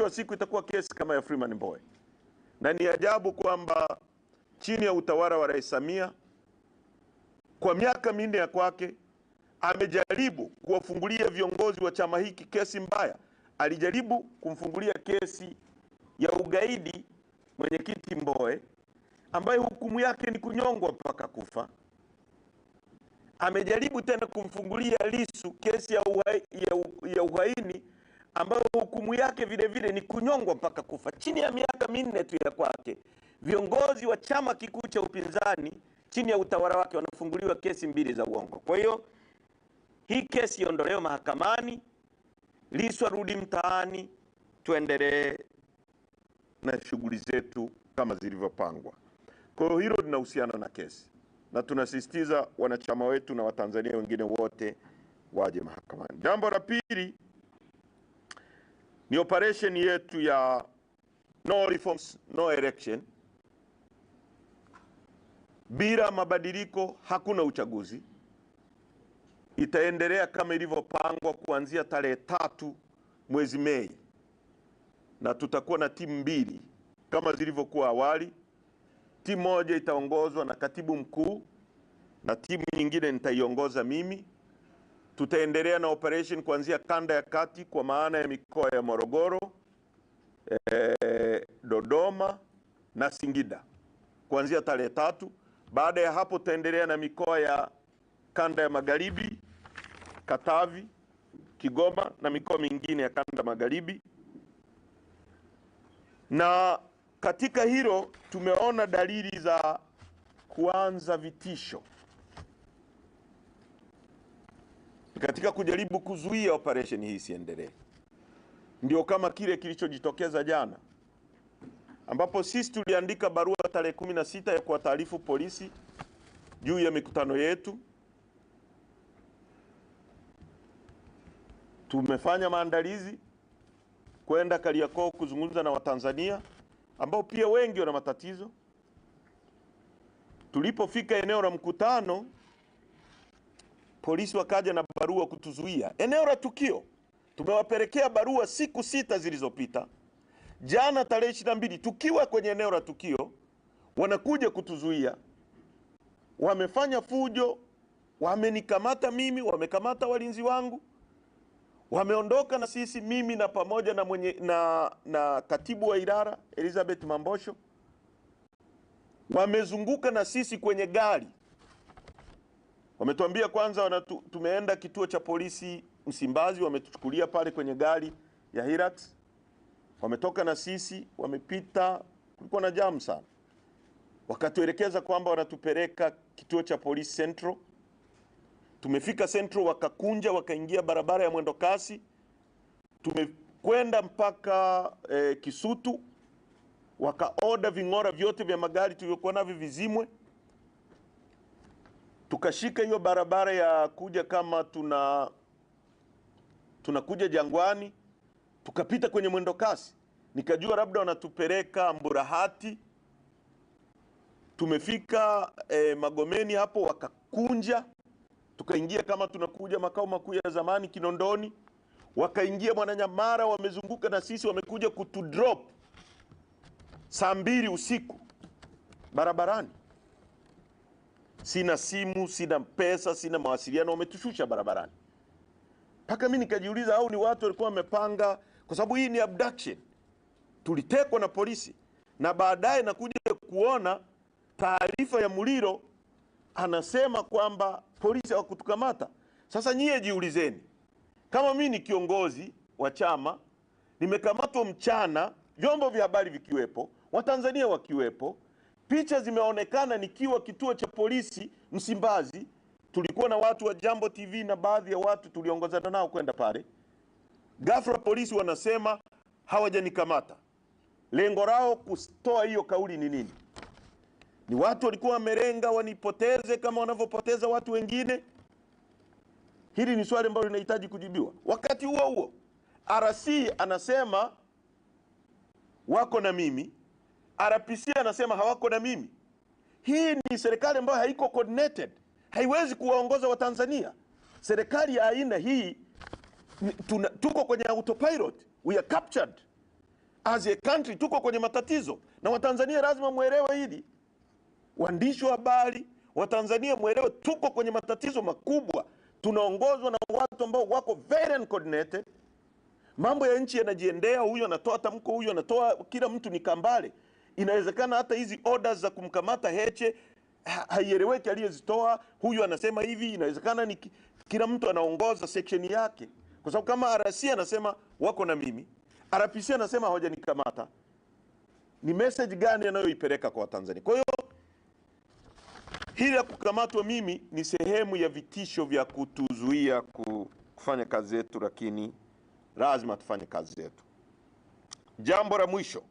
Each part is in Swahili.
wa siku itakuwa kesi kama ya Freeman Mbowe, na ni ajabu kwamba chini ya utawala wa Rais Samia kwa miaka minne ya kwake amejaribu kuwafungulia viongozi wa chama hiki kesi mbaya. Alijaribu kumfungulia kesi ya ugaidi mwenyekiti Mbowe ambaye hukumu yake ni kunyongwa mpaka kufa. Amejaribu tena kumfungulia lisu kesi ya, uhai, ya, ya uhaini ambayo hukumu yake vilevile vile ni kunyongwa mpaka kufa. Chini ya miaka minne tu ya kwake, viongozi wa chama kikuu cha upinzani chini ya utawala wake wanafunguliwa kesi mbili za uongo. Kwa hiyo hii kesi iondolewe mahakamani, Lissu arudi mtaani, tuendelee na shughuli zetu kama zilivyopangwa. Kwa hiyo hilo linahusiana na kesi, na tunasisitiza wanachama wetu na Watanzania wengine wote waje mahakamani. Jambo la pili ni operation yetu ya no reforms, no election. Bila mabadiliko hakuna uchaguzi. Itaendelea kama ilivyopangwa kuanzia tarehe tatu mwezi Mei, na tutakuwa na timu mbili kama zilivyokuwa awali. Timu moja itaongozwa na katibu mkuu na timu nyingine nitaiongoza mimi. Tutaendelea na operation kuanzia kanda ya kati kwa maana ya mikoa ya Morogoro, eh, Dodoma na Singida kuanzia tarehe tatu. Baada ya hapo tutaendelea na mikoa ya kanda ya magharibi, Katavi, Kigoma na mikoa mingine ya kanda magharibi. Na katika hilo tumeona dalili za kuanza vitisho katika kujaribu kuzuia operation hii isiendelee. Ndio kama kile kilichojitokeza jana, ambapo sisi tuliandika barua tarehe 16 ya kuwataarifu polisi juu ya mikutano yetu. Tumefanya maandalizi kwenda Kariakoo kuzungumza na Watanzania ambao pia wengi wana matatizo. Tulipofika eneo la mkutano polisi wakaja na barua kutuzuia eneo la tukio. Tumewapelekea barua siku sita zilizopita, jana tarehe ishirini na mbili tukiwa kwenye eneo la tukio, wanakuja kutuzuia. Wamefanya fujo, wamenikamata mimi, wamekamata walinzi wangu, wameondoka na sisi, mimi na pamoja na, mwenye, na, na katibu wa idara Elizabeth Mambosho, wamezunguka na sisi kwenye gari Wametuambia kwanza wanatu, tumeenda kituo cha polisi Msimbazi, wametuchukulia pale kwenye gari ya Hilux, wametoka na sisi, wamepita, kulikuwa na jamu sana, wakatuelekeza kwamba wanatupeleka kituo cha polisi Central. Tumefika Central, wakakunja, wakaingia barabara ya mwendo kasi, tumekwenda mpaka eh, Kisutu, wakaoda ving'ora vyote vya magari tulivyokuwa navyo vizimwe tukashika hiyo barabara ya kuja kama tuna tunakuja Jangwani, tukapita kwenye mwendo kasi, nikajua labda wanatupeleka Mburahati. Tumefika e, Magomeni hapo wakakunja, tukaingia kama tunakuja makao makuu ya zamani Kinondoni, wakaingia Mwananyamara, wamezunguka na sisi, wamekuja kutudrop saa mbili usiku barabarani sina simu, sina pesa, sina mawasiliano, wametushusha barabarani. Mpaka mi nikajiuliza, au ni watu walikuwa wamepanga, kwa sababu hii ni abduction. Tulitekwa na polisi na baadaye nakuja kuona taarifa ya Muliro anasema kwamba polisi hawakutukamata. Sasa nyie jiulizeni, kama mi ni kiongozi wa chama nimekamatwa mchana, vyombo vya habari vikiwepo, Watanzania wakiwepo Picha zimeonekana nikiwa kituo cha polisi Msimbazi, tulikuwa na watu wa Jambo TV na baadhi ya watu tuliongozana nao kwenda pale. Ghafla polisi wanasema hawajanikamata. Lengo lao kutoa hiyo kauli ni nini? Ni watu walikuwa wamelenga wanipoteze kama wanavyopoteza watu wengine? Hili ni swali ambalo linahitaji kujibiwa. Wakati huo huo, RC anasema wako na mimi RPC anasema hawako na mimi. Hii ni serikali ambayo haiko coordinated, haiwezi kuwaongoza Watanzania. Serikali ya aina hii tuna, tuko kwenye autopilot, we are captured as a country, tuko kwenye matatizo na Watanzania lazima mwelewe hili, waandishi wa habari Watanzania mwelewe, tuko kwenye matatizo makubwa. Tunaongozwa na watu ambao wako very uncoordinated. Mambo ya nchi yanajiendea, huyu anatoa tamko, huyu anatoa, kila mtu ni kambale. Inawezekana hata hizi orders za kumkamata Heche haieleweki aliyezitoa huyu, anasema hivi. Inawezekana ni kila mtu anaongoza section yake, kwa sababu kama RC anasema wako na mimi, RPC anasema hawajanikamata, ni message gani anayoipeleka kwa Watanzania? Kwa hiyo hili la kukamatwa mimi ni sehemu ya vitisho vya kutuzuia kufanya kazi yetu, lakini lazima tufanye kazi yetu. Jambo la mwisho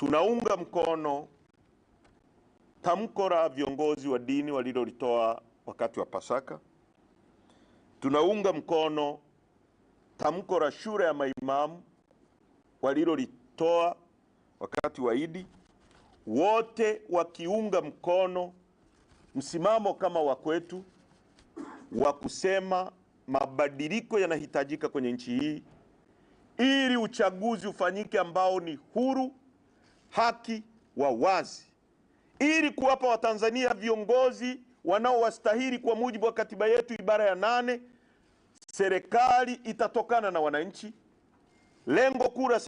Tunaunga mkono tamko la viongozi wa dini walilolitoa wakati wa Pasaka. Tunaunga mkono tamko la shule ya maimamu walilolitoa wakati wa Idi, wote wakiunga mkono msimamo kama wa kwetu wa kusema mabadiliko yanahitajika kwenye nchi hii ili uchaguzi ufanyike ambao ni huru haki wa wazi ili kuwapa Watanzania viongozi wanaowastahili kwa mujibu wa katiba yetu ibara ya nane. Serikali itatokana na wananchi, lengo kuu